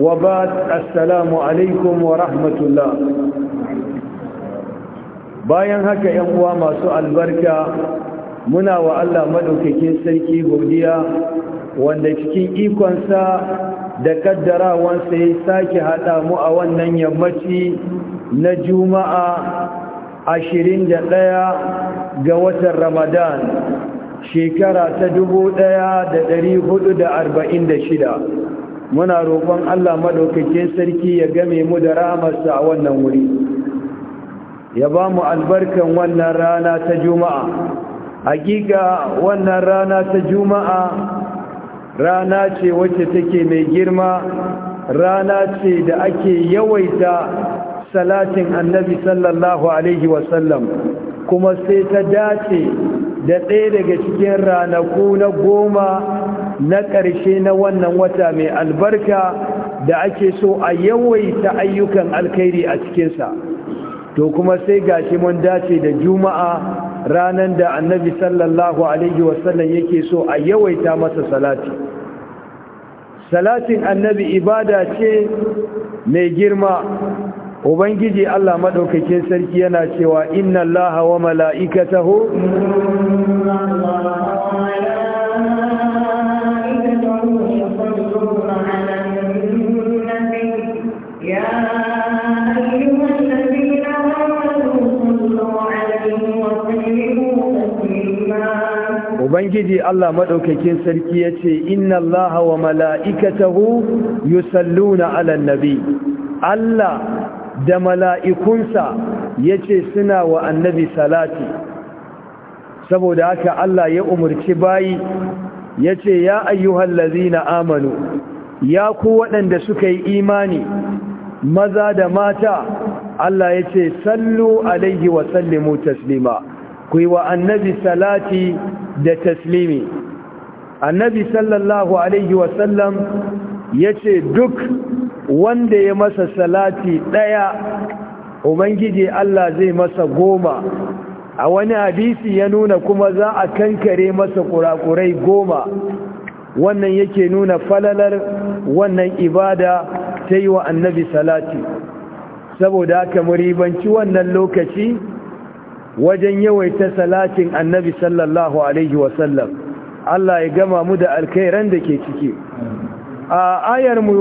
وبعد assalamu alaikum wa rahmatullah? bayan haka ‘yan uwa masu albarka muna wa Allah maɗaukakin sarki godiya wanda cikin ikonsa da ƙaddarawansa ya sake haɗa mu a wannan yammaci na juma'a ashirin da ɗaya ga watan ramadan shekara ta dubu ɗaya da ɗari hudu da arba'in da shida muna roƙon Allah madaukakin sarki ya game mu da rahamarsa a wannan wuri ya ba mu albarkan wannan rana ta juma'a hakika wannan rana ta juma'a rana ce wacce take mai girma rana ce da ake yawaita salatin annabi sallallahu alaihi wasallam kuma sai ta dace da ɗaya daga cikin ranaku na goma na ƙarshe na wannan wata mai albarka da ake so a yawaita ayyukan alkhairi a cikinsa to kuma sai gashi mun dace da juma'a ranar da annabi sallallahu alaihi wasallam yake so a yawaita masa salati salatin annabi ibada ce mai girma ubangiji Allah maɗaukakin sarki yana cewa inna allaha wa mala'ikatahu inna allaha wa mala'ikatahu ubangiji Allah maɗaukakin sarki yace inna allaha wa mala'ikatahu yusalluna 'alan nabi Allah da mala'ikunsa yace suna wa annabi salati saboda haka Allah ya umarci bayi yace ya Lazina amanu ya ku waɗanda suka yi imani maza da mata Allah yace sallu alaihi wa sallimu taslima ku yi wa annabi salati da taslimi annabi sallallahu alaihi wasallam ya ce duk wanda ya masa salati ɗaya ubangiji Allah zai masa goma a wani hadisi ya nuna kuma za a kankare masa kurakurai goma wannan yake nuna falalar wannan ibada ta yi wa annabi salati saboda haka muribanci wannan lokaci wajen yawaita salatin annabi sallallahu alaihi wasallam Allah ya gama mu da alkhairan da ke ciki a ayar mu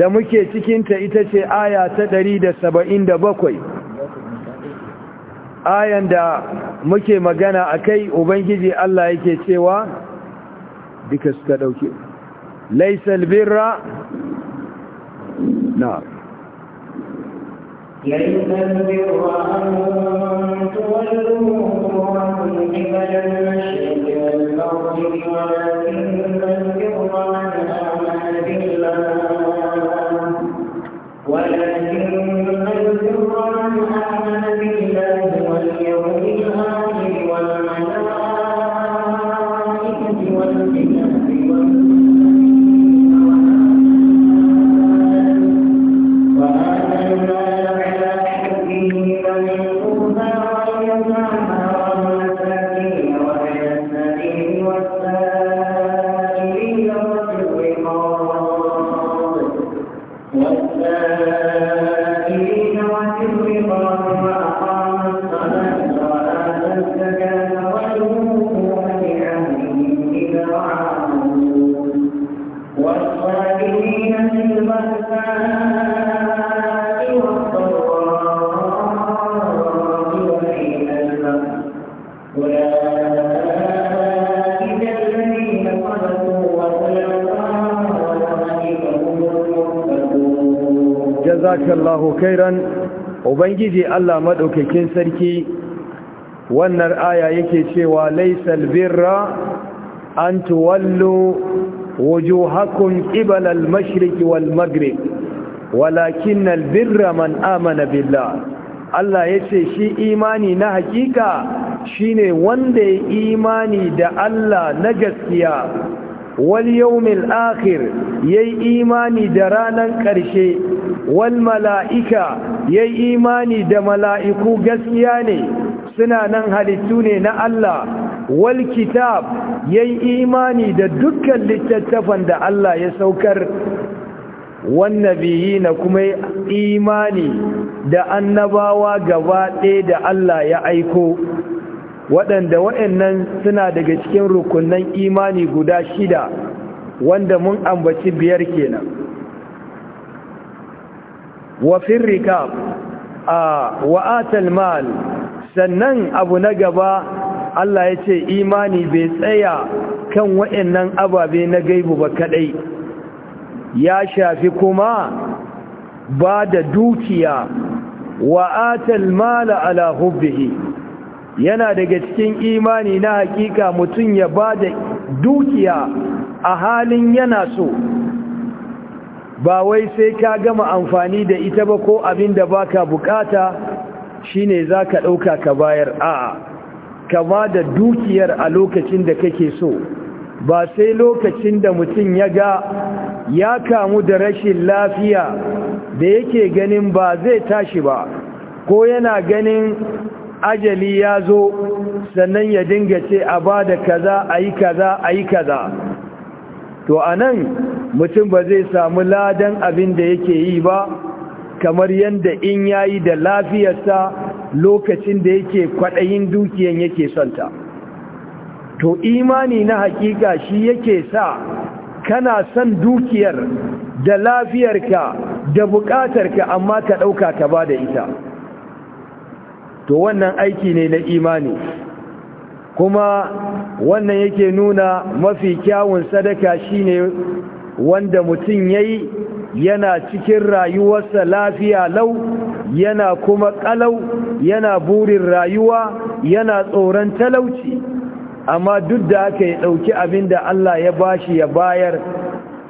da muke cikinta ita ce aya ta 177 ayan da muke magana a kai ubangiji Allah yake cewa duka suka dauke laisal birra na ليس البر أن تولوا قبل المشرق والمغرب ولكن البر kairan ubangiji Allah madaukakin sarki wannan aya yake cewa laisal birra an tuwallo wujuhakum qibala al-mashriq wal maghrib walakin al-birra man amana billah Allah yace shi imani na hakika shine wanda ya imani da Allah na gaskiya wal yawmil akhir yayi imani da ranan karshe Walmalaika mala'ika yayi imani da mala'iku gaskiya ne suna nan halittu ne na Allah wal kitab yayi imani da dukkan littattafan da Allah ya saukar wan na kuma imani da annabawa gaba ɗaya da Allah ya aiko waɗanda waɗannan suna daga cikin rukunan imani guda shida wanda mun ambaci biyar kenan wafin rikab a wa'atal mal sannan abu na gaba Allah ya ce imani bai tsaya kan wa'annan ababe na gaibu ba kadai ya shafi kuma ba da dukiya wa'atal mal ala hubbihi yana daga cikin imani na hakika mutum ya ba da dukiya a halin yana so ba wai sai ka gama amfani da ita ba ko abin da ba ka bukata shi ne za ka ɗauka ka bayar a'a ba da dukiyar a lokacin da kake so ba sai lokacin da mutum ya ga ya kamu da rashin lafiya da yake ganin ba zai tashi ba ko yana ganin ajali ya zo sannan ya dinga ce a ba da kaza a yi kaza a yi kaza to a nan mutum ba zai samu ladan abin da yake yi ba kamar yadda in ya yi da lafiyarsa lokacin da yake kwaɗayin dukiyan yake sonta to imani na hakika shi yake sa kana son dukiyar da lafiyarka da buƙatarka amma ka ɗauka ka ba da ita to wannan aiki ne na imani kuma wannan yake nuna mafi kyawun sadaka shine wanda mutum yayi yana cikin rayuwarsa lafiya lau yana kuma kalau yana burin rayuwa yana tsoron talauci amma duk da aka ya ɗauki abin da Allah ya bashi ya bayar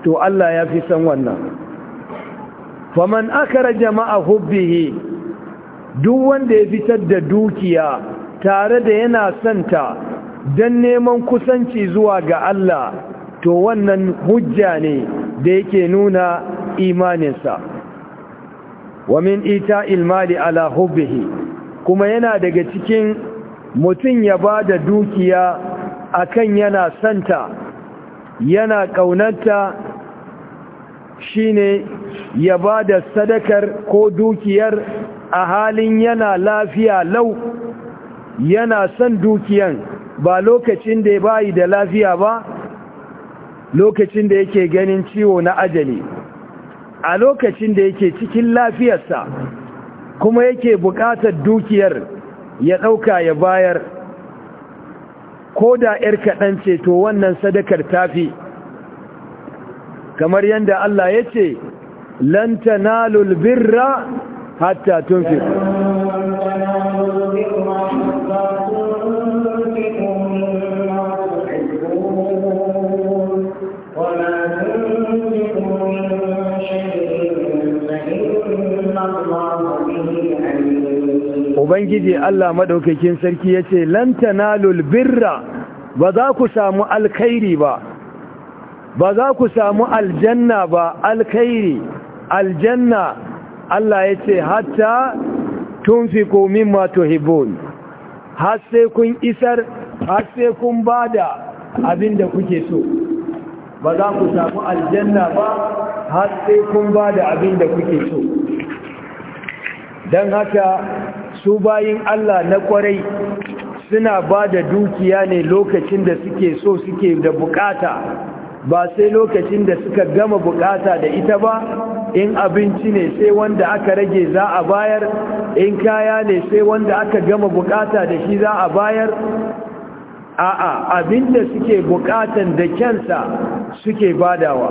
to Allah ya fi san wannan faman akara jama'a hubbihi duk wanda ya fitar da dukiya tare da yana santa don neman kusanci zuwa ga Allah to wannan hujja ne da yake nuna imaninsa wa min ita ilmali ala hubbihi kuma yana daga cikin mutum ya ba da dukiya akan yana santa yana ƙaunarta shine ya ba da sadakar ko dukiyar a halin yana lafiya lau yana son dukiyan ba lokacin da bayi da lafiya ba lokacin da yake ganin ciwo na ajali a lokacin da yake cikin lafiyarsa kuma yake buƙatar dukiyar ya ɗauka ya bayar ko da ‘yar kaɗan ce to wannan sadakar tafi kamar yadda Allah ya ce lanta nalul hatta tun fi Ubangiji Allah maɗaukakin sarki ya ce, lantana nalul birra ba za ku samu alkhairi ba, ba za ku samu aljanna ba alkhairi, aljanna Allah ya ce, Hatta tun fi komin mato hibon, har sai kun isar, har sai kun ba da abin da kuke so, ba za ku samu aljanna ba har sai kun ba da abin da kuke so. don haka su bayin Allah na kwarai suna ba da dukiya ne lokacin da suke so suke da bukata ba sai lokacin da suka gama bukata da ita ba in abinci ne sai wanda aka rage za a bayar in kaya ne sai wanda aka gama bukata da shi za a bayar a'a abinda suke bukatan da kyansa suke badawa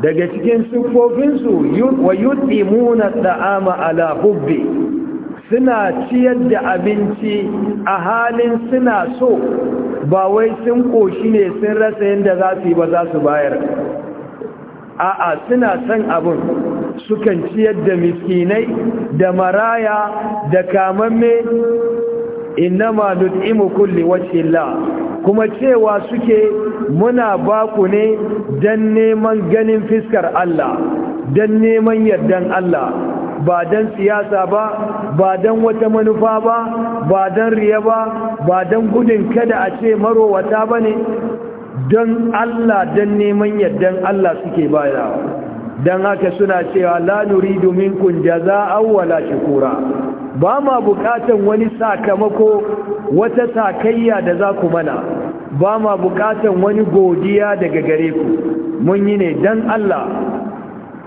daga cikin siffofinsu wa yutimuna da'ama ala hubbi suna ciyar da abinci a halin suna so ba wai sun koshi ne sun rasa yadda za su yi ba za su bayar a'a suna son abin sukan ciyar da miskinai da maraya da kamamme ma nut'imu kulli wajhillah kuma cewa suke muna baku ne don neman ganin fiskar Allah don neman yardan Allah ba don siyasa ba ba don wata manufa ba ba don riya ba ba don gudun kada a ce marowata ba ne don Allah don neman yardan Allah suke bayawa don haka suna cewa la nuridu minkum jaza'an wala shukura ba ma bukatan wani sakamako wata sakayya da za ku mana ba ma bukatan wani godiya daga gare ku mun yi ne don Allah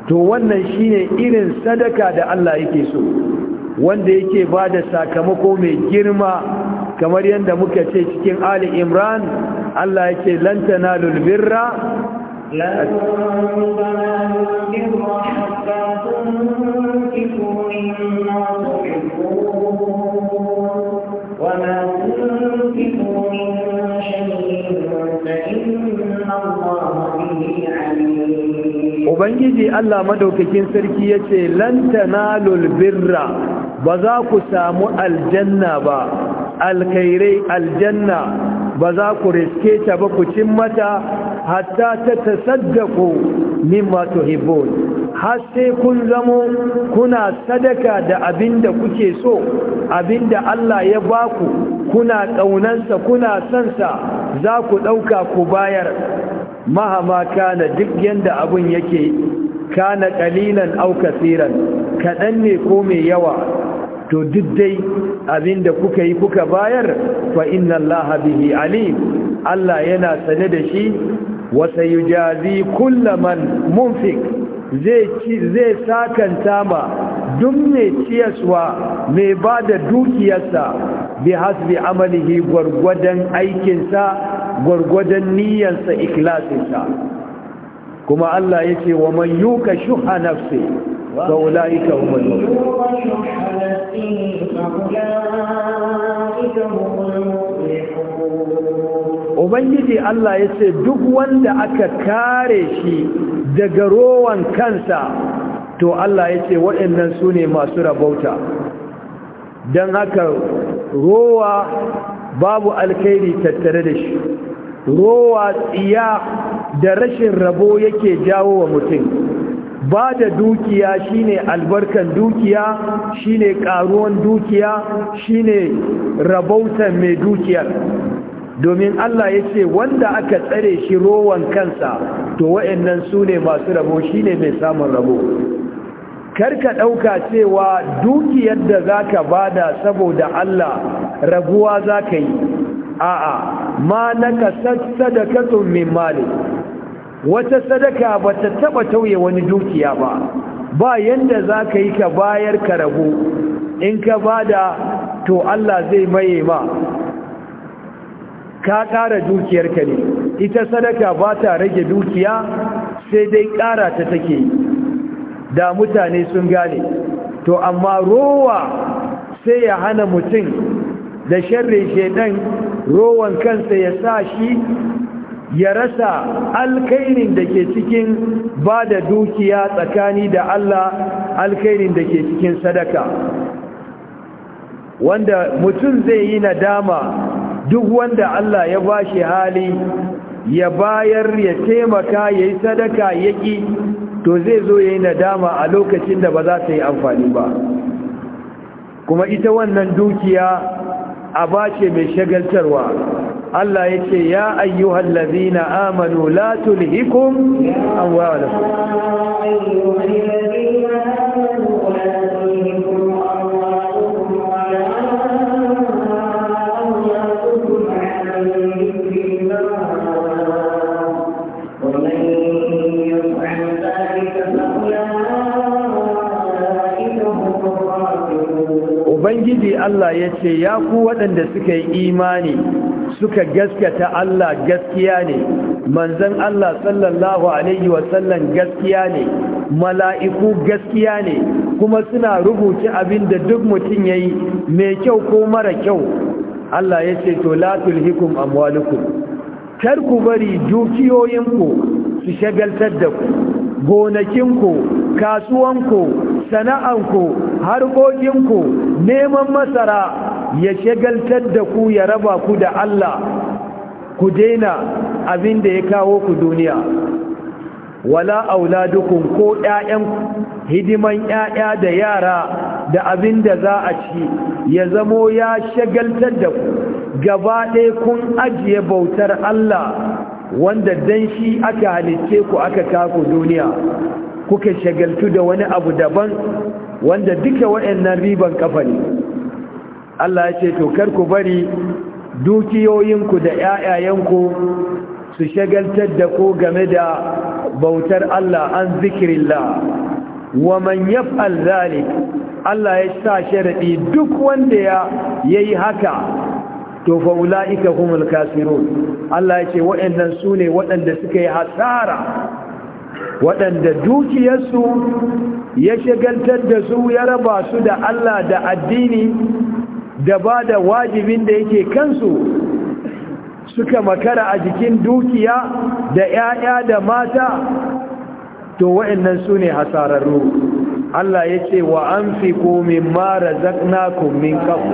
to wannan shine irin sadaka da Allah yake so wanda yake ba da sakamako mai girma kamar yadda muka ce cikin Ali Imran Allah yake lantana lulbirra Ubangiji Allah madaukakin sarki ya ce, Lantana birra ba za ku samu aljanna ba, alkairai aljanna ba za ku riske ta ba ku cin mata hatta ta tasaddaku mimma tuhibbun har sai kun zamo kuna sadaka da abin da kuke so abin da Allah ya ba ku? kuna ƙaunansa kuna sansa za ku ɗauka ku bayar mahama kana duk yadda abun yake kana ƙalilan au kasiran kaɗan ne ko mai yawa to duk dai abinda kuka yi kuka bayar fa inna allaha bihi alim Allah yana sane da shi wa sayujazi kullaman munfik zai ci zai sakanta ma duk mai ciyaswa mai bada dukiyarsa bi hasbi amalihi gwargwadon aikinsa gwargwadon niyyarsa ikhlasinsa kuma Allah yace wa man yuka shuha nafsi. فأولئك هم المفلحون Ubangiji Allah ya ce duk wanda aka kare shi daga rowan kansa to Allah ya ce waɗannan su ne masu rabauta don haka rowa babu alkhairi tattare da shi rowa tsiya da rashin rabo yake jawo wa mutum ba da dukiya shine albarkan dukiya shine karuwan dukiya shine rabautan mai dukiyar domin Allah ya ce wanda aka tsare shi rowan kansa to wa'annan su ne masu rabo shine mai samun rabo karka ɗauka cewa dukiyar da za ka bada saboda Allah raguwa za ka yi a'a ma na ka da min mali wata sadaka ba ta taba tauye wani dukiya ba ba yanda za ka yi ka bayar ka rabu in ka bada to Allah zai maye ma ka ƙara dukiyarka ne ita sadaka ba ta rage dukiya sai dai ƙara ta take da mutane sun gane to amma rowa sai ya hana mutum da sharri shedan rowan kansa ya sa shi ya rasa alkhairin da ke cikin ba da dukiya tsakani da Allah alkairin da ke cikin sadaka wanda mutum zai yi nadama duk wanda Allah ya ba shi hali ya bayar ya taimaka ya yi sadaka ya ƙi to zai zo ya yi nadama a lokacin da ba za ta yi amfani ba kuma ita wannan dukiya a bace mai shagaltarwa Allah ya ce ya ayyuhal ladina amanu la tulhikum amwalukum Ubangiji Allah ya ce, Ya ku waɗanda suka yi imani suka gaskata Allah gaskiya ne manzon Allah sallallahu alaihi wasallam gaskiya ne mala'iku gaskiya ne kuma suna rubuci abin da duk mutum yayi mai kyau ko mara kyau Allah ya ce to la tulhikum amwalukum kar ku bari dukiyoyinku su shagaltar da ku gonakinku ku sana'anku ku neman masara ya shagaltar da ku ya raba ku da Allah ku daina abin da ya kawo ku duniya wala auladukum ko ƴaƴan hidiman ƴaƴa da yara da abin da za a ci ya zamo ya shagaltar da ku gaba ɗaya kun ajiye bautar Allah wanda dan shi aka halicce ku aka kaku duniya kuka shagaltu da wani abu daban wanda duka waɗannan riban kafa ne Allah ya ce to kar ku bari dukiyoyinku da ‘ya'yayenku su shagaltar da ku game da bautar Allah an zikirillah wa man yaf'al zalik Allah ya sa sharadi duk wanda ya yayi haka to fa ulaika humul kafirun Allah ya ce waɗannan sune waɗanda suka yi hasara waɗanda dukiyarsu ya shagaltar da su ya raba su da Allah da addini da ba da wajibin da yake kansu suka makara a jikin dukiya da 'ya'ya da mata to wa'annan su ne hasararru Allah ya ce wa an fi komin mara zakna kummin kafu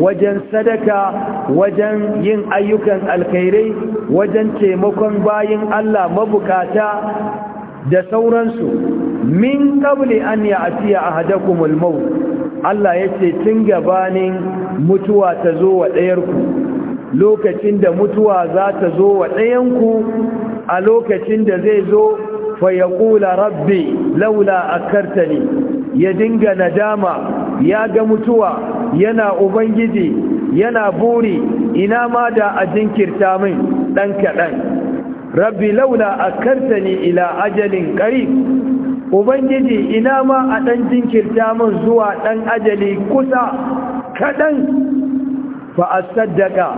wajen sadaka wajen yin ayyukan alkhairai wajen taimakon bayin Allah mabukata da sauransu min qabli an ya'tiya ahadakumul maut Allah yace tun gabanin mutuwa ta zo wa ɗayarku lokacin da mutuwa za ta zo wa ɗayanku a lokacin da zai zo fa yaqula rabbi laula akartani ya dinga nadama ya ga mutuwa yana ubangiji yana buri ina ma da a jinkirta min ɗan kaɗan rabbi laula a kartani ila ajalin ƙari ubangiji ina ma a ɗan jinkirta min zuwa ɗan ajali kusa kaɗan fa a sadaka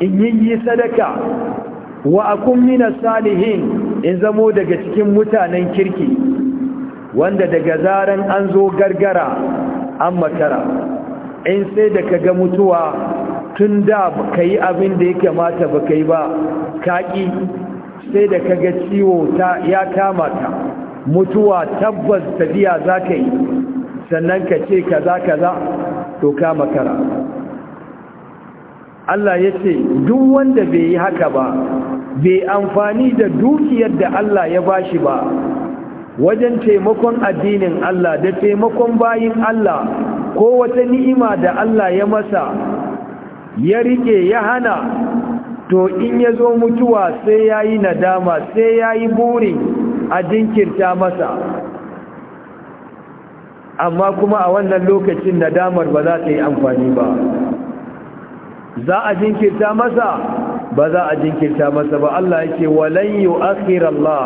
in yi sadaka wa akun kummina salihin in zamo daga cikin mutanen kirki wanda daga zaren an zo gargara an makara in sai da ka ga mutuwa tun da ka yi abin da ya kamata ba ka yi ba kaƙi sai da ka ga ciwo ya kama ka mutuwa tabbas tafiya za ka yi sannan ka ce kaza kaza to ka makara Allah ya ce duk wanda bai yi haka ba bai amfani da dukiyar da Allah ya ba shi ba wajen taimakon addinin Allah da taimakon bayin Allah ko wata ni'ima da Allah ya masa ya rike ya hana to in ya zo mutuwa sai ya yi nadama sai ya yi buri a jinkirta masa amma kuma a wannan lokacin nadamar ba za ta yi amfani ba za a jinkirta masa ba za a jinkirta masa ba Allah yake akhirallah walayyu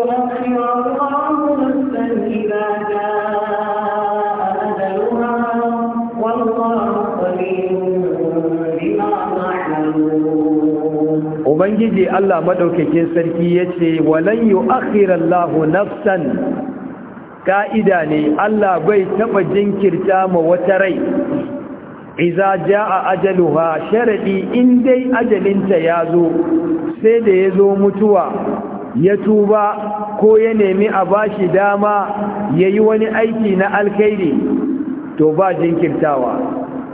akhirallah ubangiji Allah maɗaukacin sarki yace walan akhirallahu nafsan ka'ida ne Allah bai taɓa jinkirta ma wata rai iza jaa ajaluha sharaɗi. in dai ajalinta zo, sai da ya zo mutuwa ya tuba ko ya nemi a bashi dama yayi wani aiki na alkhairi to ba jinkirtawa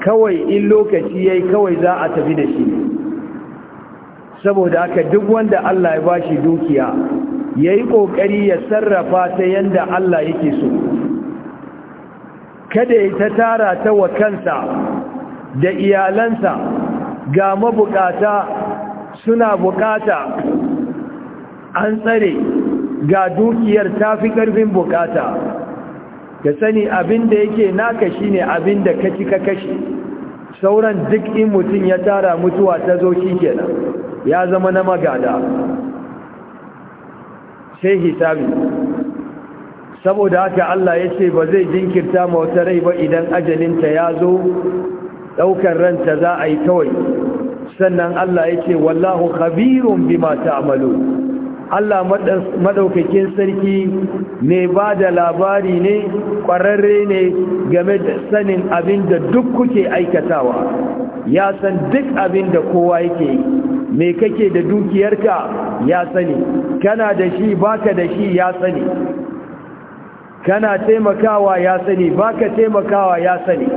kawai in lokaci yayi kawai za a tafi da shi saboda haka duk wanda Allah ya bashi dukiya yayi kokari ya sarrafa ta yanda Allah yake so kada ya ta tara ta wa kansa da iyalansa ga mabukata suna bukata an tsare ga dukiyar ta fi karfin bukata ka sani abin da yake naka shine abin da kaci ka kashi sauran duk in mutum ya tara mutuwa ta zo shi kenan ya zama na magada sai hisabi saboda haka Allah ya ce ba zai jinkirta ma wata rai ba idan ajalinta ya zo ɗaukar ranta za a yi kawai sannan Allah ya ce wallahu khabirun bima ta'malu Allah madaukakin sarki ne ba da labari ne ƙwararre ne game da sanin abin da duk kuke aikatawa ya san duk abin da kowa yake yi me kake da dukiyarka ya sani kana da shi baka da shi ya sani kana taimakawa ya sani baka taimakawa ya sani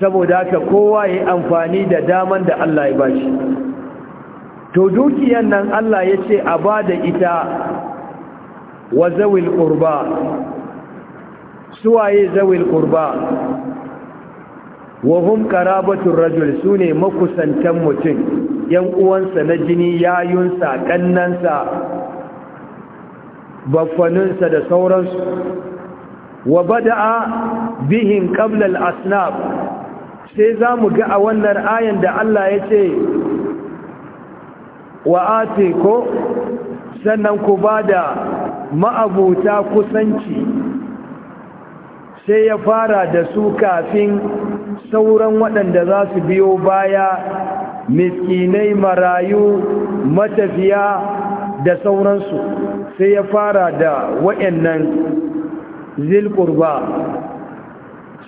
saboda haka kowa ya amfani da daman da Allah ya bashi to dukiyar nan Allah ya ce a ba da ita wa zawil qurba suwaye zawil qurba wa hum qarabatur sune makusantan mutum yan uwansa na jini yayunsa kannansa baffaninsa da sauransu wa bada'a bihin qabla asnaf sai zamu ga a wannan ayan da Allah ya wa ati ko sannan ku ba da ma'abuta kusanci sai ya fara da su kafin sauran waɗanda za su biyo baya miskinai marayu matafiya da sauransu sai ya fara da waɗannan zilkurba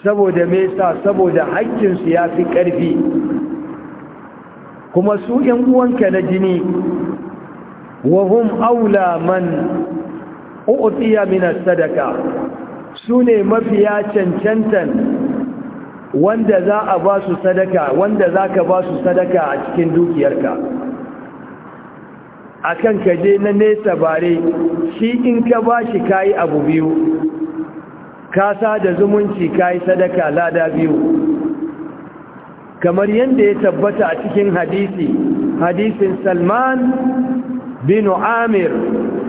saboda mesa saboda haƙƙinsu ya fi ƙarfi kuma su ‘yan uwanka na jini wahum aula man u'utiya min sadaka su ne mafiya cancantan wanda za a ba su sadaka wanda za ka ba su sadaka a cikin dukiyarka a kan kaje na nesa bare shi in ka ba shi kayi abu biyu ka da zumunci kayi sadaka lada biyu kamar yadda ya tabbata a cikin hadisi hadisin salman bin amir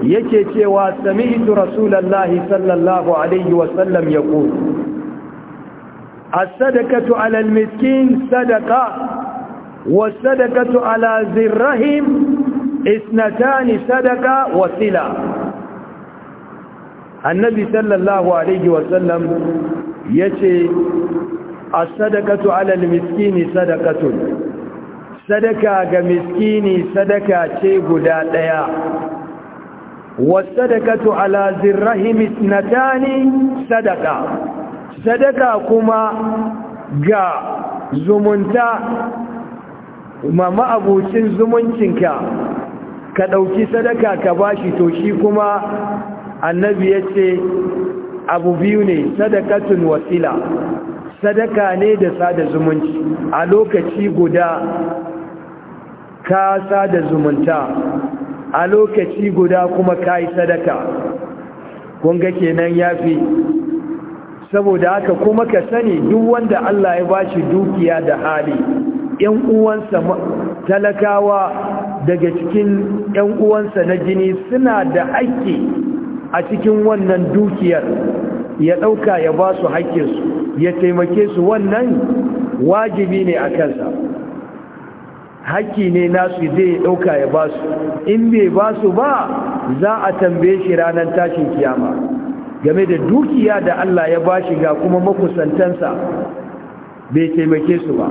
yake cewa sami'tu rasulallahi sallallahu alaihi wasallam ya as-sadaqatu 'ala miskin sadaqa wa as-sadaqatu 'ala dhir-rahim ithnatani sadaqa wa sila annabi sallallahu alayhi wa sallam yace as-sadaqatu 'ala al-miskin sadaqatun sadaka ga miskini sadaka ce guda ɗaya. wa as-sadaqatu 'ala dhir-rahim ithnatani sadaqa sadaka kuma ga zumunta ma ma'abucin zumuncinka ka ɗauki sadaka ka bashi to shi kuma annabi ya abu biyu ne sadakatun wasila sadaka ne da sada zumunci a lokaci guda ka sada zumunta a lokaci guda kuma ka yi sadaka kunga kenan ya fi saboda haka kuma ka sani duk wanda Allah ya bashi dukiya da hali ‘yan uwansa talakawa daga cikin ‘yan uwansa na jini suna da haƙƙi a cikin wannan dukiyar ya ɗauka ya ba su haƙƙinsu ya taimake su wannan wajibi ne a kansa haƙƙi ne nasu zai ɗauka ya ba su in bai ba su ba za a tambaye shi ranar tashin kiyama game da dukiya da Allah ya ba shi ga kuma makusantansa bai taimake su ba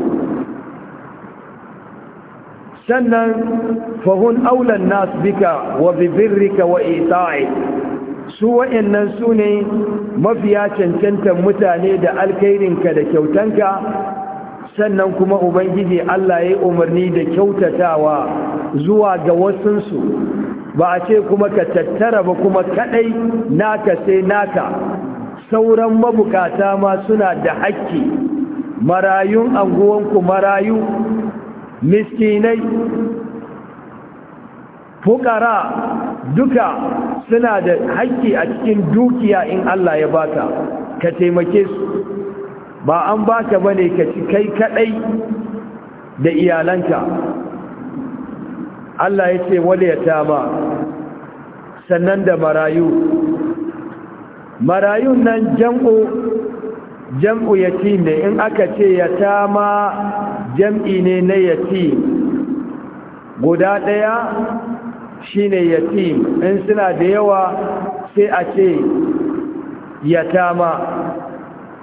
sannan fahun aulan nas bika wa bibirrika wa ita'i su wa'annan su ne mafiya cancantan mutane da alkairinka da kyautanka sannan kuma ubangiji Allah ya yi umarni da kyautatawa zuwa ga wasunsu ba a ce kuma ka tattara ba kuma kadai naka sai naka sauran mabukata ma suna da hakki marayun anguwanku marayu miskinai fukara duka suna da hakki a cikin dukiya in Allah ya baka ka taimake su ba an ba baka bane ka ci kai kaɗai da iyalanka Allah ya ce wale yatama sannan da marayu marayun nan jam'u jam'u yatim ne in aka ce yatama jam'i ne na yati guda ɗaya shine yatim in suna da yawa sai a ce yatama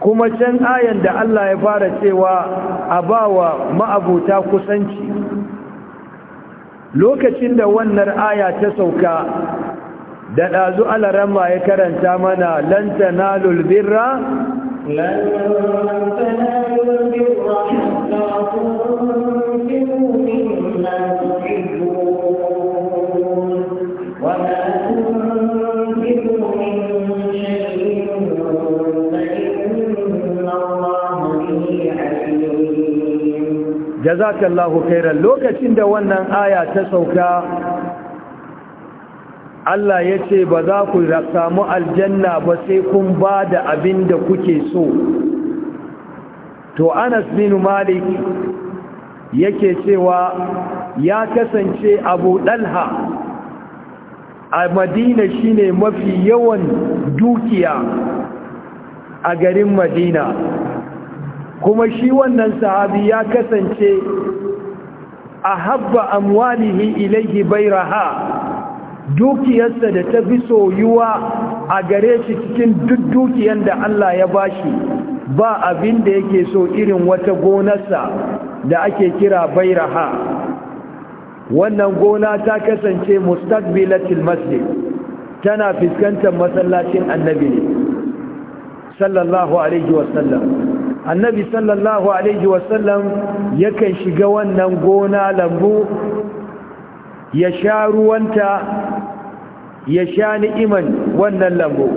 kuma can ayan da Allah ya fara cewa a bawa ma'abuta kusanci lokacin da wannan aya ta sauka da ɗazu alarama ya karanta mana lantana lulbirra lantana lulbirra jazakallahu khairan lokacin da wannan aya ta sauka Allah yace ce ba za ku samu aljanna ba sai kun ba da abin da kuke so to anas bin malik yake cewa ya kasance abu dalha a madina shine mafi yawan dukiya a garin madina kuma shi wannan sahabi ya kasance a habba amwalihi ilaihi bairaha dukiyarsa da ta fi soyuwa a gare shi cikin duk dukiyar da Allah ya bashi ba abin da yake so irin wata gonarsa da ake kira bairaha wannan gona ta kasance mustaqbilatil masjid tana fuskantar masallacin annabi sallallahu alaihi wasallam annabi sallallahu alaihi wasallam yakan shiga wannan gona lambu ya sha ruwanta ya sha ni'iman wannan lambu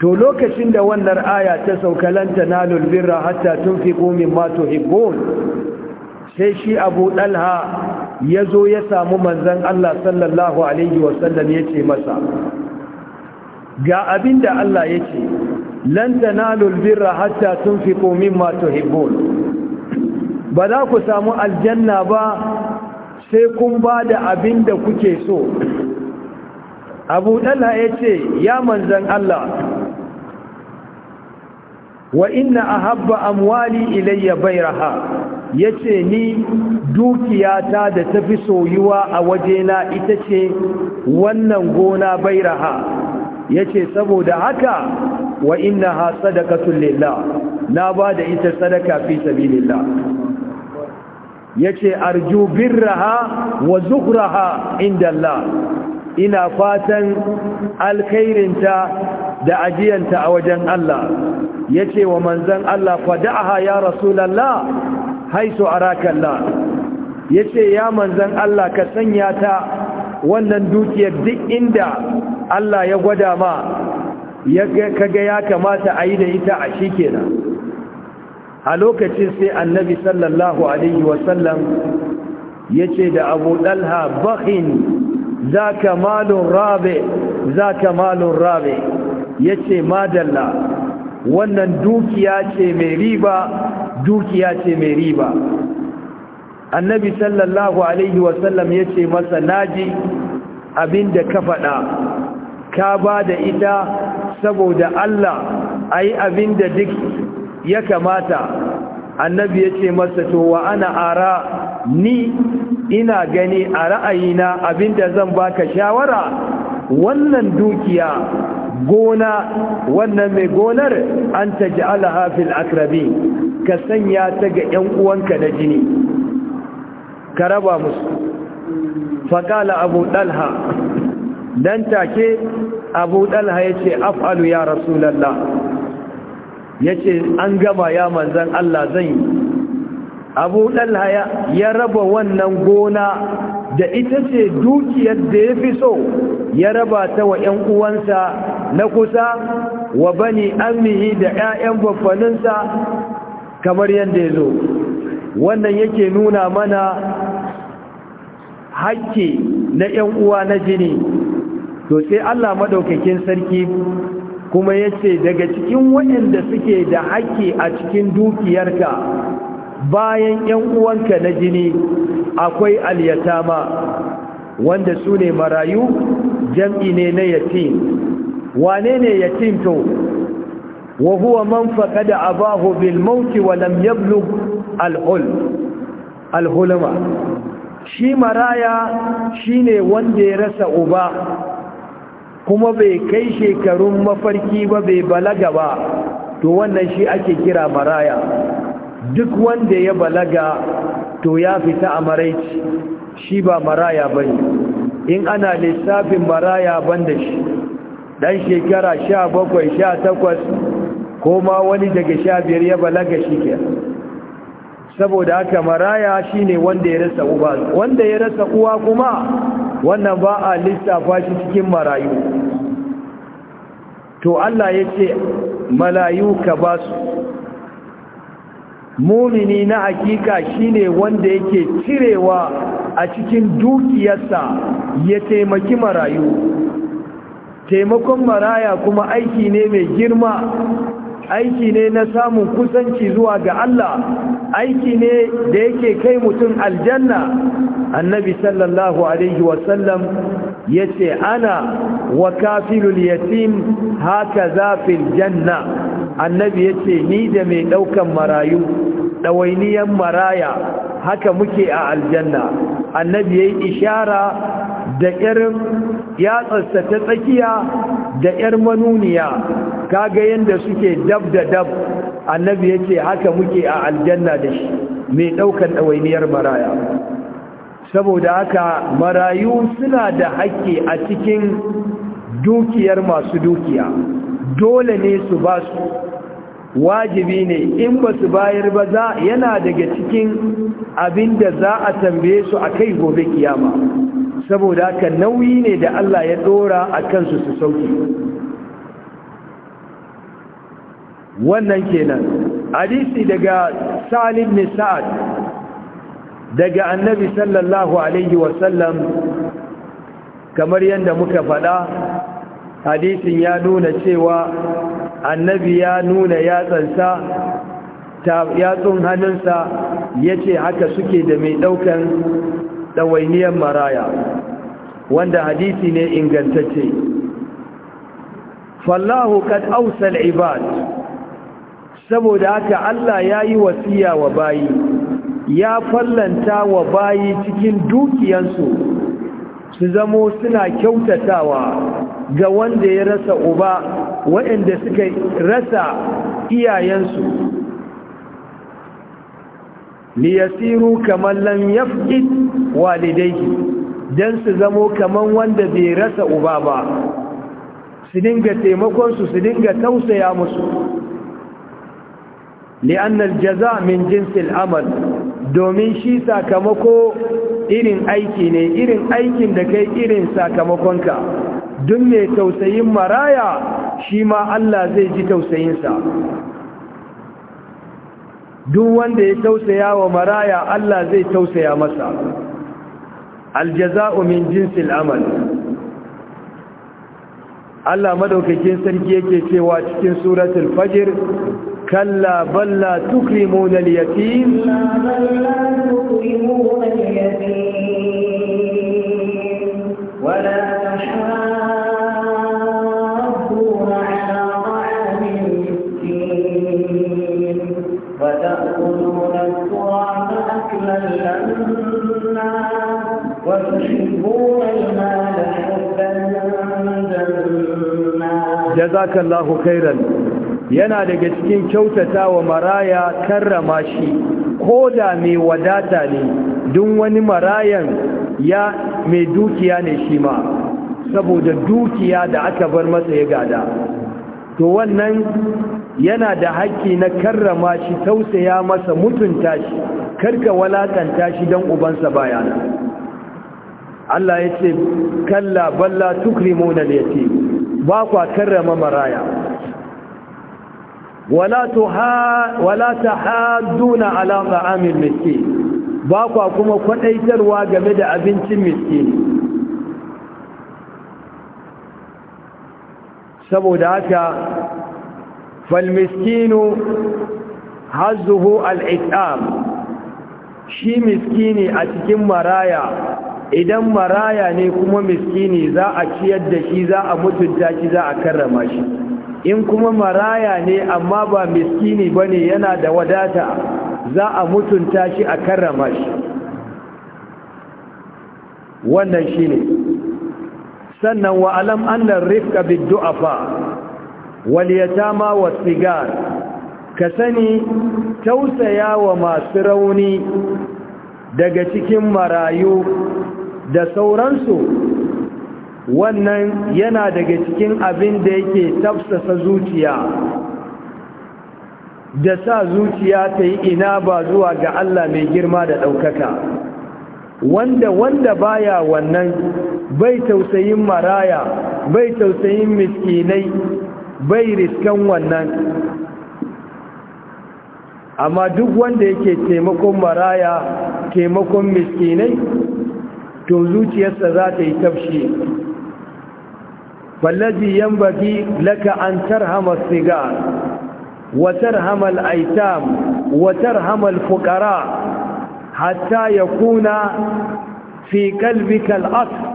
to lokacin da wannan aya ta saukalanta nalul birra hatta tunfiqu mimma tuhibbun sai shi Abu Dalha zo ya samu manzon Allah sallallahu alaihi wasallam yace masa ga abinda Allah ya ce. lan tanalul birra hatta tunfiqu mimma tuhibbun ba za ku samu aljanna ba sai kun ba da abin da kuke so abu dala ya ce ya manzan Allah wa inna ahabba amwali ilayya bayraha yace ni dukiyata da tafi soyuwa a wajena ita ce wannan gona bayraha yace saboda haka wa ha sadaqatul lillah na ba da ita sadaka fi Ya yace arju birraha wa zukraha inda Allah ina fatan alkhairinta da ajiyanta a wajen Allah yace wa manzon Allah fada'aha ya rasulullah haisu araka Allah yace ya manzan Allah ka sanya ta wannan dukiyar duk inda Allah ya gwada ma ya kaga ya kamata a yi da ita a shi a lokacin sai annabi sallallahu alaihi wasallam ya ce da abu ɗalha bahin za ka malun rabe za ka malun rabe ya ce madalla wannan dukiya ce mai riba dukiya ce mai riba annabi sallallahu alaihi wasallam ya ce masa naji abinda ka faɗa ka ba da ita saboda Allah yi abin da duk ya kamata annabi ya ce masa to wa ana ara ni ina gani a ra'ayina abin da zan baka shawara wannan dukiya gona wannan mai gonar an ta ji'alaha fil akrabi ka sanya ta ga 'yan uwanka na jini ka raba musu faƙala abu ɗalha dan take abu dalha ya ce af'alu ya rasulallah ya ce an gama ya manzan Allah zan yi abu dalha ya raba wannan gona da ita ce dukiyar da ya fi so ya raba ta wa 'yan uwansa na kusa wa bani amnihi da 'ya'yan babbaninsa kamar yadda ya zo wannan yake nuna mana hakki na 'yan uwa na jini to sai Allah madaukakin sarki kuma ya ce daga cikin waɗanda suke da haƙƙi a cikin dukiyarka bayan ‘yan uwanka na jini akwai alyatama wanda su ne marayu jam'i ne na yatim wane ne yatim to wa huwa man faqada abahu bil maut wa lam yablugh al hul al shi maraya shine wanda ya rasa uba kuma bai kai shekarun mafarki ba bai balaga ba to wannan shi ake kira maraya duk wanda ya balaga to ya fita a maraici shi ba maraya ba in ana lissafin maraya ban da shi dan shekara sha bakwai sha takwas ko ma wani daga sha biyar ya balaga shi ke saboda haka maraya shine wanda ya rasa uba wanda ya rasa uwa kuma wannan ba a lissafa shi cikin marayu to Allah ya ce malayu ka ba su mumini na hakika shine wanda yake cirewa a cikin dukiyarsa ya taimaki marayu taimakon maraya kuma aiki ne mai girma aiki ne na samun kusanci zuwa ga Allah aiki ne da yake kai mutum aljanna annabi sallallahu alaihi wasallam yace ana wa kafilul yatim haka zafin janna annabi yace ni da mai daukan marayu dawainiyan maraya haka muke a aljanna annabi ya yi ishara da irin ya ta tsakiya da 'yar manuniya kaga yadda suke dab da dab annabi ya ce haka muke a aljanna da shi mai ɗaukar ɗawainiyar maraya saboda haka marayu suna da hakki a cikin dukiyar masu dukiya dole ne su ba su wajibi ne in ba su bayar ba za yana daga cikin abin da za a tambaye su a kai gobe kiyama saboda haka nauyi ne da Allah ya dora a kansu su sauki wannan kenan hadisi daga salim ne sa'ad daga annabi sallallahu alaihi wasallam kamar yadda muka faɗa hadisin ya nuna cewa annabi ya nuna yatsansa yatsun hannunsa ya ce haka suke da mai ɗaukan ɗawainiyar maraya wanda hadisi ne ingantacce fallahu kad ausal ibad saboda haka Allah ya yi wasiya wa bayi ya fallanta wa bayi cikin dukiyansu su zamo suna kyautatawa ga wanda ya rasa uba waɗanda suka rasa iyayensu liyasiru kamar lam yafqid walidai don su zamo kaman wanda bai rasa uba ba su dinga taimakon su su dinga tausaya musu li'annal jaza min jinsil amal domin shi sakamako irin aiki ne irin aikin da kai irin sakamakonka duk mai tausayin maraya shi ma Allah zai ji tausayinsa duk wanda ya tausaya wa maraya Allah zai tausaya masa aljaza'u min jinsil amal Allah madaukakin sarki yake cewa cikin suratul Fajir. كلا بل لا تكرمون اليتيم ولا تحاضون على طعام المسكين وتأكلون التراب أكلا لما وتحبون المال حبا جزاك الله خيرا yana daga cikin kyautata wa maraya karrama shi ko da mai wadata ne don wani marayan ya mai dukiya ne shi ma saboda dukiya da aka bar masa ya gada to wannan yana da haƙƙi na karrama shi tausaya masa mutunta shi karka walakanta shi don ubansa bayana Allah ya ce kalla balla tukrimuna al ba kwa karrama maraya wala haduna ala ta'amil miskin ba kwa kuma kwaɗaitarwa game da abincin miskin saboda haka Falmiskinu, hazuhu hazzuhu al shi miskini a cikin maraya idan maraya ne kuma miskini za a ciyar da shi za a mutunta shi za a karrama shi in kuma maraya ne amma ba miskini ba ne yana da wadata za a mutunta shi a karrama shi wannan shi ne sannan wa'alam annan rifka biddu'afa waliyatama wa sigar ka sani tausaya wa masu rauni daga cikin marayu da sauransu wannan yana daga cikin abin da yake tafsasa zuciya da sa zuciya ta yi ina ba zuwa ga Allah mai girma da ɗaukaka wanda wanda baya wannan bai tausayin maraya bai tausayin miskinai bai riskan wannan amma duk wanda yake taimakon maraya taimakon miskinai to zuciyarsa za ta yi tafshi فالذي ينبغي لك أن ترهم الصغار وترهم الأيتام وترهم الفقراء حتى يكون في قلبك الأصل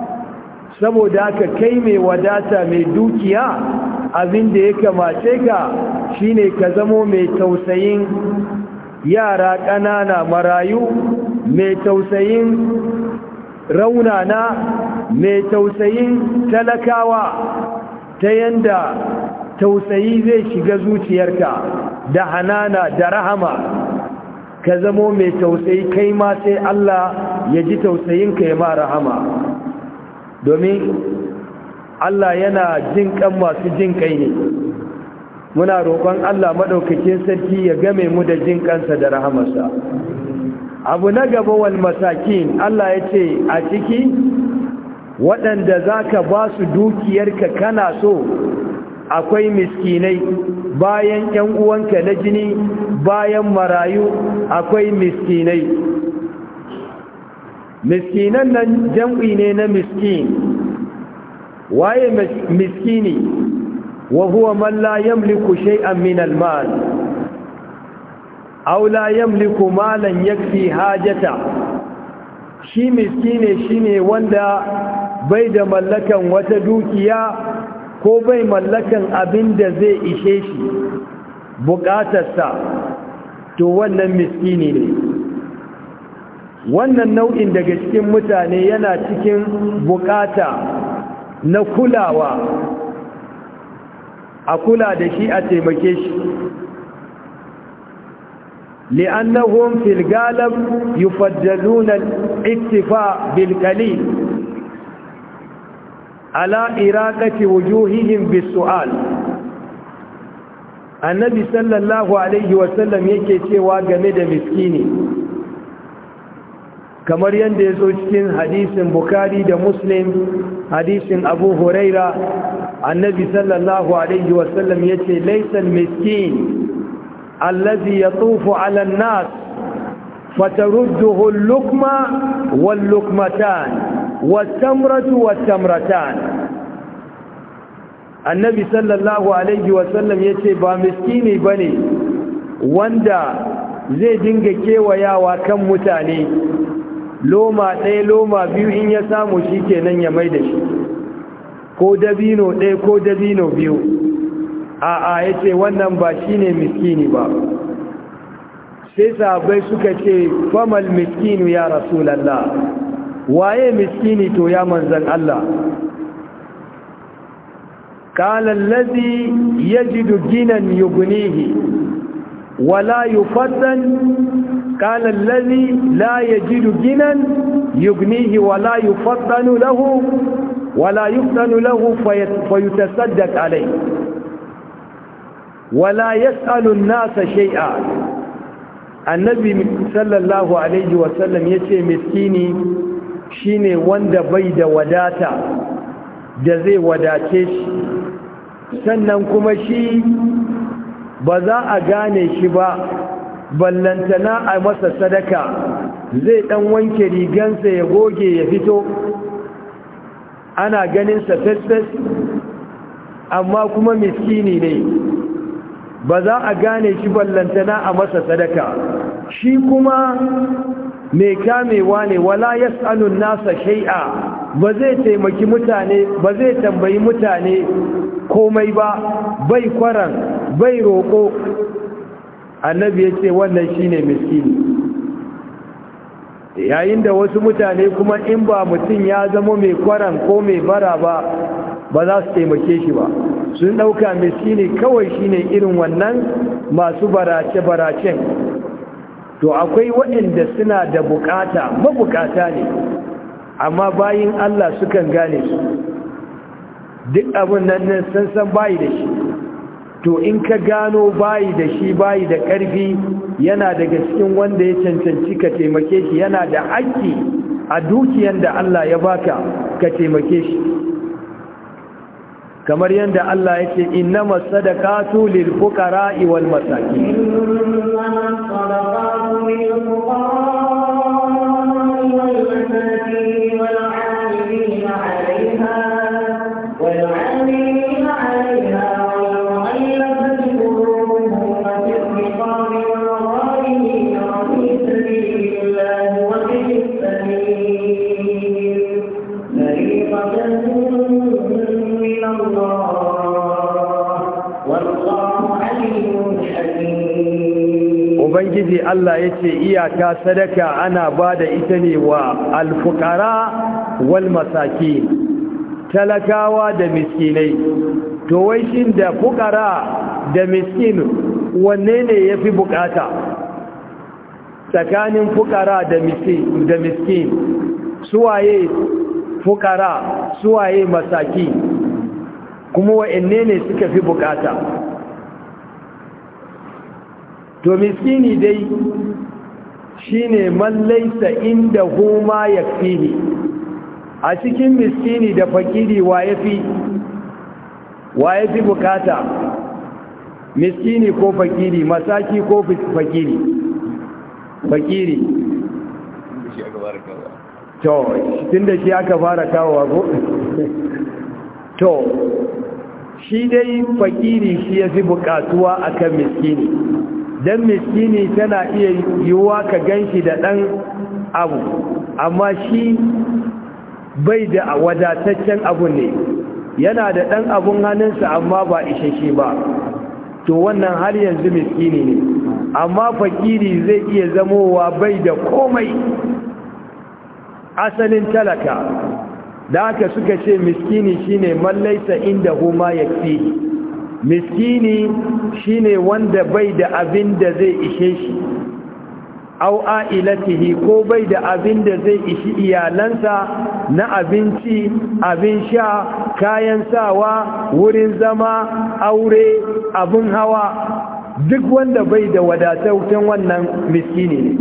saboda haka kai mai wadata mai dukiya abin da ya kamace ka shine ka zamo mai tausayin yara ƙanana marayu mai tausayin rauna na mai tausayin talakawa ta yanda tausayi zai shiga zuciyarka da hanana da rahama ka zamo mai tausayi kai ma sai Allah ya ji tausayinka ya ma rahama domin Allah yana jin kan masu jin kai ne muna roƙon Allah maɗaukakin sarki ya game mu da jin kansa da rahamarsa abu na gaba wal masakin Allah ya ce a ciki waɗanda za ka ba su dukiyarka kana so akwai miskinai bayan ‘yan uwanka na jini bayan marayu akwai miskinai miskinan nan jam'i ne na miskin waye miskini wa huwa man la yamliku shay'an min al-mal aw la yamliku malan yakfi hajata shi miskine shine wanda bai da mallakan wata dukiya ko bai mallakan abin da zai ishe shi bukatarsa to wannan miskini ne wannan nau'in daga cikin mutane yana cikin bukata na kulawa a kula da shi a taimake shi لأنهم في الغالب يفضلون الاتفاء بالقليل على إراقة وجوههم بالسؤال annabi sallallahu alaihi wasallam yake cewa game da miskini kamar yadda ya zo cikin hadisin bukari da muslim hadisin abu huraira annabi sallallahu alaihi wasallam ya ce laisan miskin الذي يطوف على الناس فترده اللقمة واللقمتان والتمرة والتمرتان النبي صلى الله عليه وسلم يتي مسكيني بني واندا zai dinga kewayawa kan mutane loma ɗaya loma biyu in ya samu shi kenan ya mai da shi ko dabino ɗaya ko dabino biyu a'a yace wannan ba shine miskini ba sai sabai suka ce famal miskinu ya rasulullah waye miskini to ya manzan Allah qala allazi yajidu ginan yughnihi wala yufaddan قال الذي لا يجد جنا يغنيه ولا يفطن له ولا يفطن له فيتصدق عليه wala yas'alu an-nasa shay'a annabi sallallahu alaihi wasallam yace miskini shine wanda bai da wadata da zai wadace shi sannan kuma shi ba za a gane shi ba ballantana a masa sadaka zai dan wanke rigansa ya goge ya fito ana ganin sa fesfes amma kuma miskini ne ba za a gane shi ballantana a masa sadaka shi kuma mai kamewa ne wala tsanun nasa shai'a ba zai taimaki mutane ba zai tambayi mutane komai ba bai kwaran bai roƙo annabi ya ce wannan shine miskini yayin da wasu mutane kuma in ba mutum ya zama mai kwaran ko mai bara ba ba za su taimake shi ba sun ɗauka miskini kawai shine irin wannan masu barace-baracen to akwai waɗanda suna da bukata mabukata ne amma bayin Allah sukan gane su duk abin nan nan san san bayi da shi to in ka gano bayi da shi bayi da ƙarfi yana daga cikin wanda ya cancanci ka taimake shi yana da haƙƙi a dukiyan da Allah ya baka ka taimake shi kamar yadda Allah ya ce innama sadaqatu lil fuqara'i wal masakin Allah ya ce iyaka sadaka ana ba da ita ne wa alfukara wal masaki talakawa da miskinai to wai shin da fukara da miskin wanne ne ya fi bukata tsakanin fukara da miskin suwaye fukara suwaye masaki kuma wa'anne ne suka fi bukata to miskini dai shine man laisa inda huma yakfihi a cikin miskini da fakiri wa yafi wa yafi bukata miskini ko fakiri masaki ko fakiri fakiri to tunda shi aka fara kawowa ko to shi dai fakiri shi yafi bukatuwa akan miskini dan miskini tana iya yiwuwa ka ganshi da ɗan abu amma shi bai da wadataccen abu ne yana da ɗan abun hannunsa amma ba isheshe ba to wannan har yanzu miskini ne amma fakiri zai iya zamowa bai da komai asalin talaka da aka suka ce miskini shine mallaisa inda huma ya fi miskini shine wanda bai da abin da zai ishe shi au ailatihi ko bai da abin da zai ishi iyalansa na abinci abin sha kayan sawa wurin zama aure abin hawa duk wanda bai da wadatautan wannan miskini ne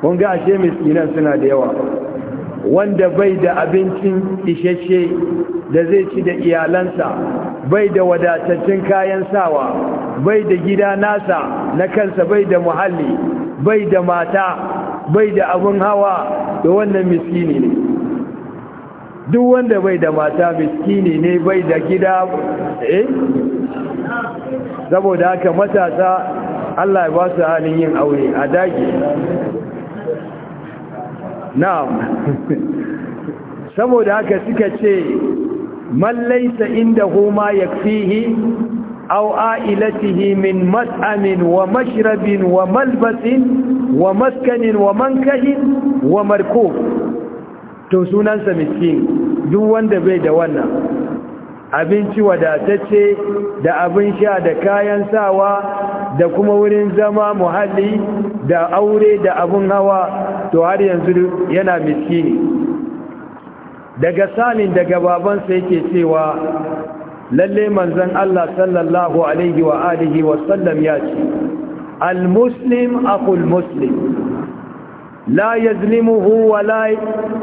kun ga ashe miskinan suna da yawa wanda bai da abincin isheshe da zai ci da iyalansa bai da wadataccen kayan sawa bai da gida nasa na kansa bai da muhalli bai da mata bai da abin hawa da wannan miskini ne duk wanda bai da mata miskini ne bai da gida eh saboda haka matasa Allah ya ba su halin yin aure a dage na'am saboda haka suka ce mallaisa inda huma ma yakfihi aw a'ilatihi min mat'amin wa mashrabin wa malbasin wa maskanin wa mankahin wa marko, to sunansa miskin duk wanda bai da wannan abinci wadatacce da abin sha da kayan sawa da kuma wurin zama muhalli da aure da abin hawa to har yanzu yana miskini daga salin daga babansa yake cewa lalle manzon Allah sallallahu alaihi wa alihi wa sallam ya ce al-muslim aqul muslim La yazlimuhu wa la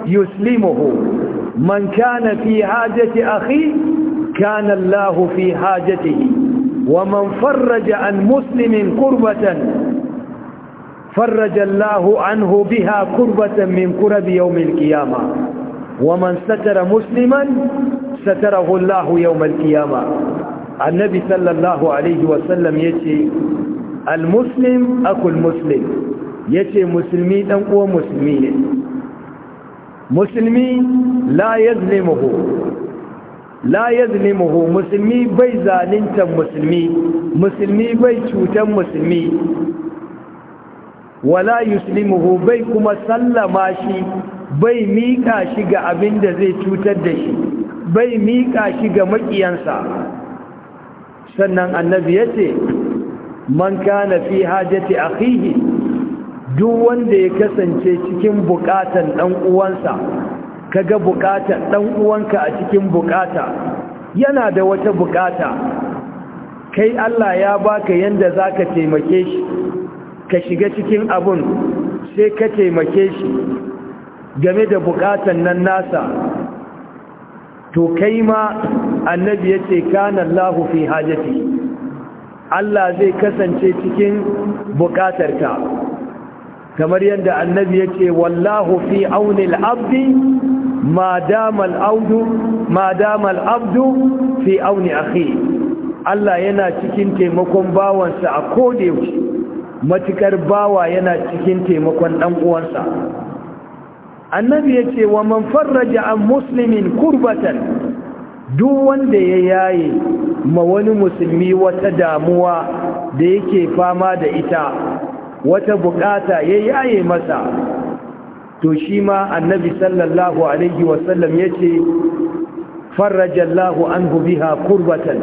yuslimuhu man kana fi hajati أخيه كان الله في حاجته ومن فرج عن مسلم كربة فرج الله عنه بها كربة من كرب يوم القيامة ومن ستر مسلما ستره الله يوم القيامة النبي صلى الله عليه وسلم يتي المسلم أكو المسلم يتي مسلمين تنقو مسلمين مسلمي لا يظلمه la yazlimuhu musulmi bai zalinta musulmi musulmi bai cutan musulmi wala yuslimuhu bai kuma sallama shi bai miƙa shi ga abin da zai cutar da shi bai miƙa shi ga maƙiyansa sannan annabi ya ce man kana fi hajati akhihi duk wanda ya kasance cikin buƙatan ɗan uwansa ka ga buƙatar ɗan uwanka a cikin bukata yana da wata bukata kai Allah ya baka yanda za ka taimake shi ka shiga cikin abun sai ka taimake shi game da bukatan nan nasa to kai ma annabi ya ce kanan lahu fi hajjati Allah zai kasance cikin ka. kamar yadda annabi ya ce wallahu fi aunil abdi ma دام audu ما دام abdu في auni akhi Allah yana cikin taimakon bawansa a koda matukar bawa yana cikin taimakon dan uwansa annabi yace wa man farraja an muslimin kurbatan duk wanda ya yaye ma wani musulmi wata damuwa da yake fama da ita wata bukata ya yaye masa to shi ma annabi sallallahu alaihi wasallam ya ce farajallahu an biha kurbatan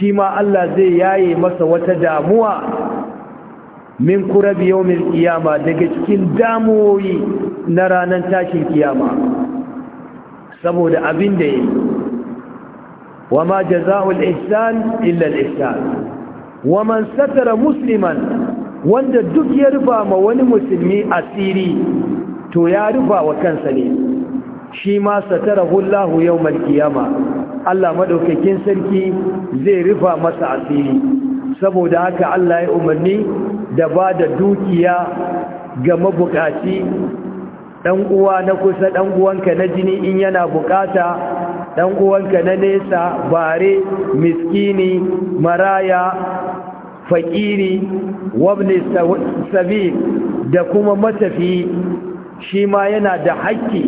shi ma Allah zai yaye masa wata damuwa min kurabi yawmin kiyama daga cikin damuwoyi na ranar tashin kiyama saboda abin da yayi وما جزاء الإحسان إلا wa man ستر مسلما wanda duk ya rufa ma wani musulmi asiri to ya rufa wa kansa ne shi ma satarahullahu yau yau qiyama Allah madaukakin sarki zai rufa masa asiri saboda haka Allah ya umarni da ba da dukiya ga mabukaci dan uwa na kusa dan uwanka na jini in yana bukata ɗan uwanka na nesa bare miskini maraya fakiri wabni sabil da kuma matafi shi ma yana da haƙƙi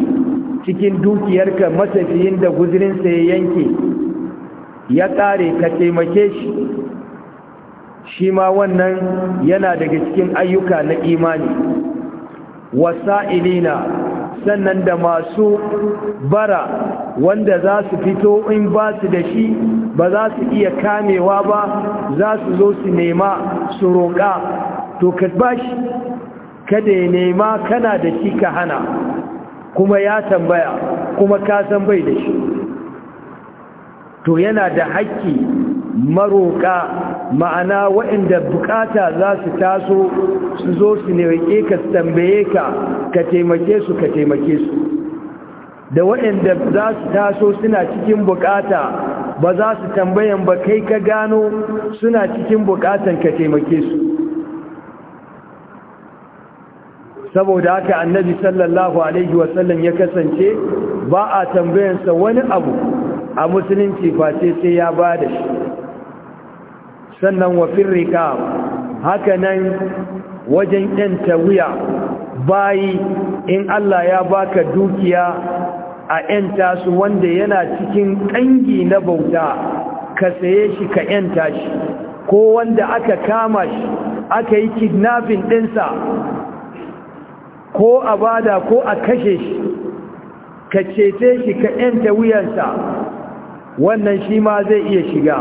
cikin dukiyarka matafiyin da guzirinsa ya yanke ya ƙare ka taimake shi shi ma wannan yana daga cikin ayyuka na imani wasa'ilina sannan da masu bara wanda za su fito in ba su da shi ba za su iya kamewa ba za su zo su nema su roƙa to ka shi. kada ya nema kana da shi ka hana kuma ya tambaya kuma ka san bai da shi to yana da haƙƙi maroƙa ma'ana waɗanda bukata za su taso su zo su newaƙe ka su tambaye ka ka taimake su ka taimake su da waɗanda za su taso suna cikin bukata ba za su tambayan ba kai ka gano suna cikin bukatan ka taimake su saboda haka annabi sallallahu alaihi wasallam ya kasance ba a tambayansa wani abu a musulunci face sai ya ba da shi sannan wafin rika haka nan wajen yan wuya bayi in Allah ya baka dukiya a yanta su wanda yana cikin ƙangi na bauta ka saye shi ka yanta shi ko wanda aka kama shi aka yi kidnapping ɗinsa ko a bada ko a kashe shi ka cece shi ka yanta wuyansa wannan shi ma zai iya shiga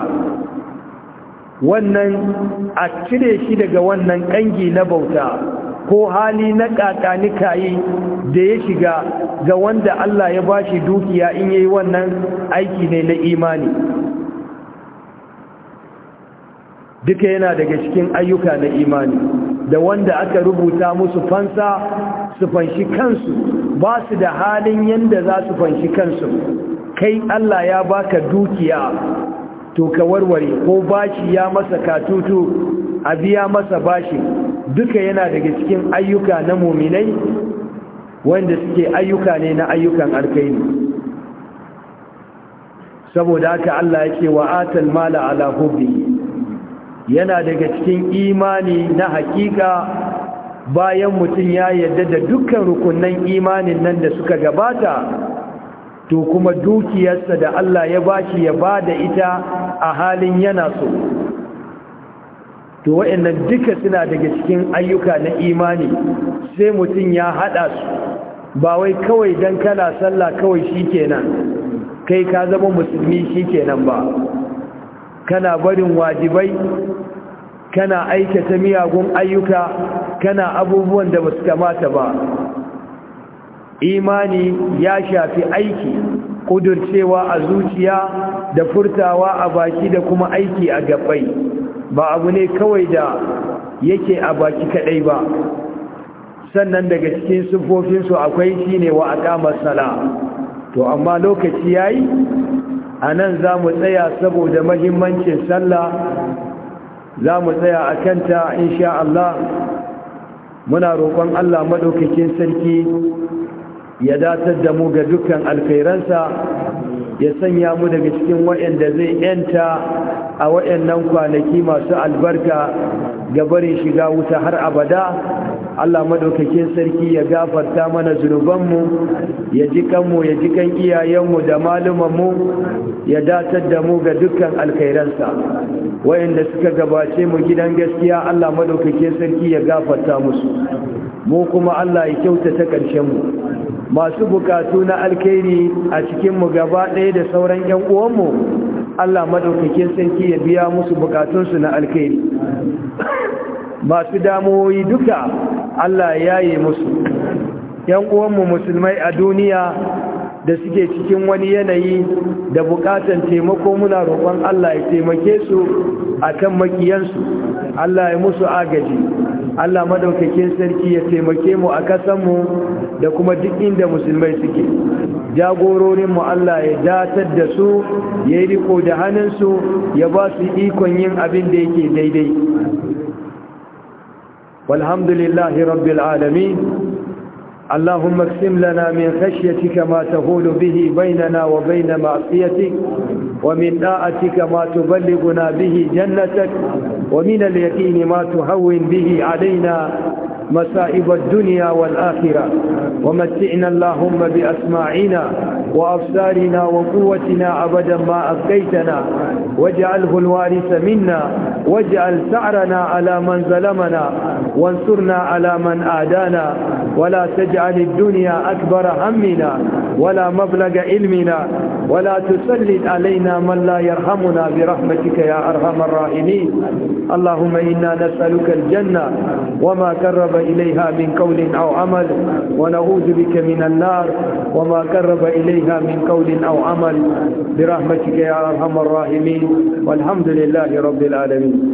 wannan a cire shi daga wannan ƙangi na bauta ko hali na kakanikayi da ya shiga ga wanda Allah ya bashi dukiya in yi wannan aiki ne na imani duka yana daga cikin ayyuka na imani da wanda aka rubuta musu fansa su fanshi kansu ba su da halin yadda za su fanshi kansu kai Allah ya baka dukiya to ka warware ko bashi ya masa katutu a biya masa bashi duka yana daga cikin ayyuka na muminai wanda suke ayyuka ne na ayyukan alkaini saboda haka Allah ya ce wa atal mala ala hubbihi yana daga cikin imani na hakika bayan mutum ya yarda da dukkan rukunan imanin nan da suka gabata to kuma dukiyarsa da Allah ya bashi ya bada ita a halin yana so to wa'annan duka suna daga cikin ayyuka na imani sai mutum ya hada su ba wai kawai dan kana sallah kawai shikenan kai ka zama musulmi shikenan ba kana barin wajibai kana aikata miyagun ayyuka kana abubuwan da basu kamata ba imani ya shafi aiki kudurcewa a zuciya da furtawa a baki da kuma aiki a gabbai ba abu ne kawai da yake a baki kadai ba sannan daga cikin sufofinsu akwai shi wa aqama sala to amma lokaci ya yi? a nan za mu tsaya saboda mahimmancin sallah za mu tsaya a kanta insha Allah muna roƙon Allah maɗaukakin sarki ya datar da mu ga dukkan alkhairansa ya sanya mu daga cikin wa'anda zai yanta a waɗannan kwanaki masu albarka ga barin shiga wuta har abada Allah madaukakin sarki ya gafarta mana zunubanmu ya ji kanmu ya ji kan iyayenmu da malumanmu ya datar da mu ga dukkan alkhairansa wa'anda suka gabace mu gidan gaskiya Allah madaukakin sarki ya gafarta musu mu kuma Allah ya kyautata ƙarshenmu masu bukatu na alkhairi a cikinmu gaba ɗaya da sauran 'yan uwanmu Allah madaukakin sarki ya biya musu bukatunsu na alkhairi masu damuwoyi duka Allah ya yi musu ‘yan uwanmu musulmai a duniya da suke cikin wani yanayi da bukatan taimako muna roƙon Allah ya taimake su a kan makiyansu Allah ya musu agaji Allah madaukakin sarki ya taimake mu a kasanmu da kuma duk inda musulmai suke jagororin mu Allah ya datar da su ya yi riko da hannunsu ya ba su ikon yin abin da yake daidai walhamdulillahi rabbil alamin اللهم اقسم لنا من خشيتك ما تهول به بيننا وبين معصيتك ومن طاعتك ما تبلغنا به جنتك ومن اليقين ما تهون به علينا مصائب الدنيا والآخرة ومتعنا اللهم بأسماعنا وأبصارنا وقوتنا أبدا ما أبقيتنا واجعله الوارث منا واجعل سعرنا على من ظلمنا وانصرنا على من آدانا ولا تجعل الدنيا أكبر همنا ولا مبلغ علمنا ولا تسلل علينا من لا يرحمنا برحمتك يا أرحم الراحمين اللهم إنا نسألك الجنة وما كرم قرب إليها من قول أو عمل ونعوذ بك من النار وما قرب إليها من قول أو عمل برحمتك يا أرحم الراحمين والحمد لله رب العالمين